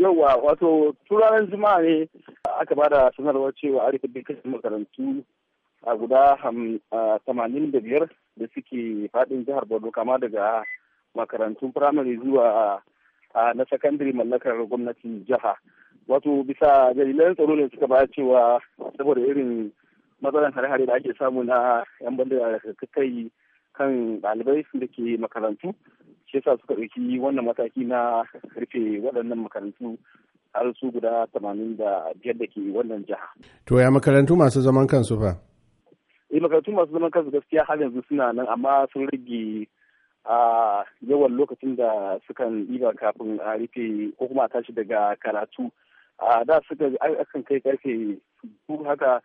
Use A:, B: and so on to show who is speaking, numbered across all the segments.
A: Yauwa wato turaren juma'a ne aka ba da sanarwar cewa a dukkan makarantu a guda tamanin da biyar da suke faɗin jihar Borno kama daga makarantun firamare zuwa na sakandare mallakar gwamnati jiha. Wato bisa jarilan tsaro ne suka bayar cewa saboda irin matsalan hare-hare da ake samu na 'yan bandar kai kan ɗalibai da ke makarantu. shi yasa suka ɗauki wannan mataki na rufe waɗannan makarantu har su guda tamanin da biyar da ke wannan jiha.
B: To ya makarantu masu zaman kansu fa?
A: Eh makarantu masu zaman kansu gaskiya har yanzu suna nan amma sun rage a yawan lokacin da sukan ɗiba kafin a rufe ko kuma a tashi daga karatu. A da suka akan kai karfe su haka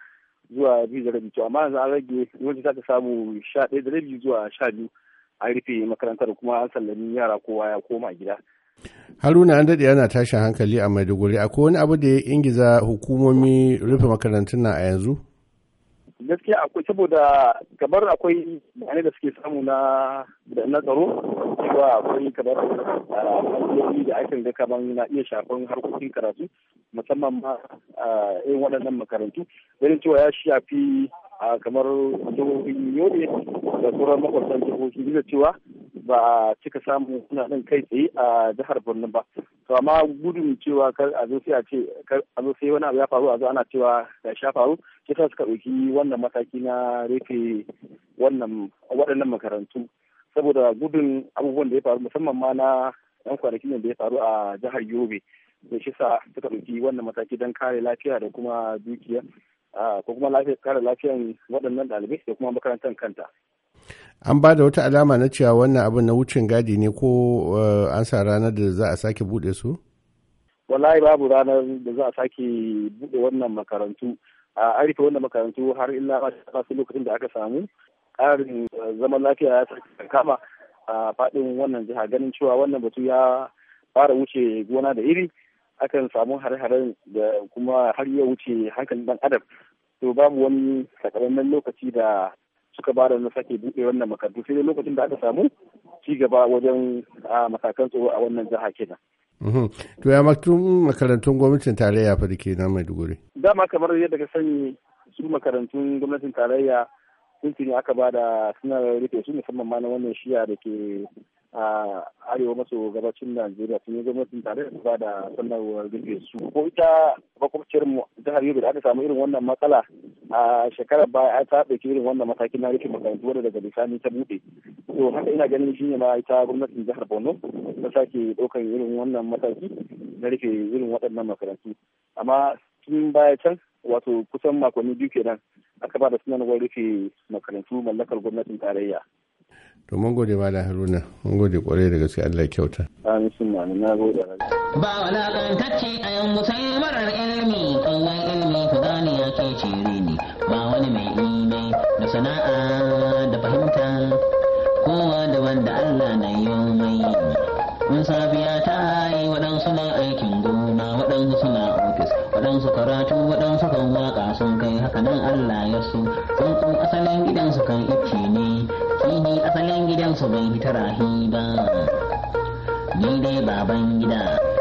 A: zuwa biyu da rabi to amma yanzu an rage wajen za ka samu sha ɗaya da rabi zuwa sha biyu. an rufe makarantar kuma an sallami yara kowa ya koma gida
B: haruna an daɗe ana tashin hankali a maiduguri akwai wani abu da ya ingiza hukumomi rufe makarantun na a yanzu
A: gaskiya akwai saboda kamar akwai bayanai da suke samu na na tsaro cewa akwai kamar hanyoyi da ake ga kamar na iya shafan harkokin karatu musamman ma a irin waɗannan makarantu ganin cewa ya shafi a kamar jihohin yobe da sauran makwabtan jihohi da cewa ba a cika samun ɗin kai tsaye a jihar birnin ba to amma gudun cewa kar a zo sai a ce kar a zo sai wani abu ya faru a zo ana cewa ya sha faru kisa suka ɗauki wannan mataki na rufe wannan waɗannan makarantu saboda gudun abubuwan da ya faru musamman ma na yan kwanakin da ya faru a jihar yobe da shi sa suka ɗauki wannan mataki don kare lafiya da kuma dukiya ko kuma lafiyar kare lafiyan waɗannan ɗalibai da kuma makarantar kanta.
B: An ba da wata alama na cewa wannan abin na wucin gadi ne ko uh, an sa ranar da za a sake buɗe su?
A: Wallahi babu ranar da za a sake buɗe wannan makarantu. A rufe wannan makarantu har illa ma lokacin da aka samu ƙarin uh, zaman lafiya ya sake kama a faɗin wannan jiha ganin cewa wannan batu ya fara wuce gona da iri. akan samu hare-haren da kuma har ya wuce hankalin dan adam ba babu wani sakamakon lokaci da suka ba da na sake buɗe wannan makarantu sai dai lokacin da aka samu ci gaba wajen matakan tsoro a wannan jiha kenan.
B: To ya maktun makarantun gwamnatin tarayya fa da ke nan Maiduguri.
A: Dama kamar yadda ka sani su makarantun gwamnatin tarayya sun aka ba da suna rufe su musamman ma na wannan shiya da ke a arewa maso gabacin najeriya sun yi gwamnatin tare da ba da sanarwar rufe su ko ita makwabciyar mu jihar yobe da aka samu irin wannan matsala a shekarar baya ta ɗauki irin wannan matakin na rufe makarantu wanda daga bisani ta buɗe to haka ina ganin shi ne ma ita gwamnatin jihar borno ta sake ɗaukar irin wannan mataki na rufe irin waɗannan makarantu amma tun baya can wato kusan makonni biyu kenan aka ba da sanarwar rufe makarantu mallakar gwamnatin tarayya
B: to mun gode mala haruna mun gode kwarai da gaske Allah kyauta
A: amin sun ma na gode ba wala kan tacce a yan musayi marar ilimi kallon ilimi ku
B: gane ya ke cire ni ba wani mai ilimi da sana'a da fahimta kowa da wanda Allah na yi mai in safiya ta yi waɗansu na aikin gona waɗansu suna ofis waɗansu karatu waɗansu kan waka sun kai haka nan Allah ya so sun asalin gidansu kan ice ne gidansu bai fitara hi ba ni dai baban gida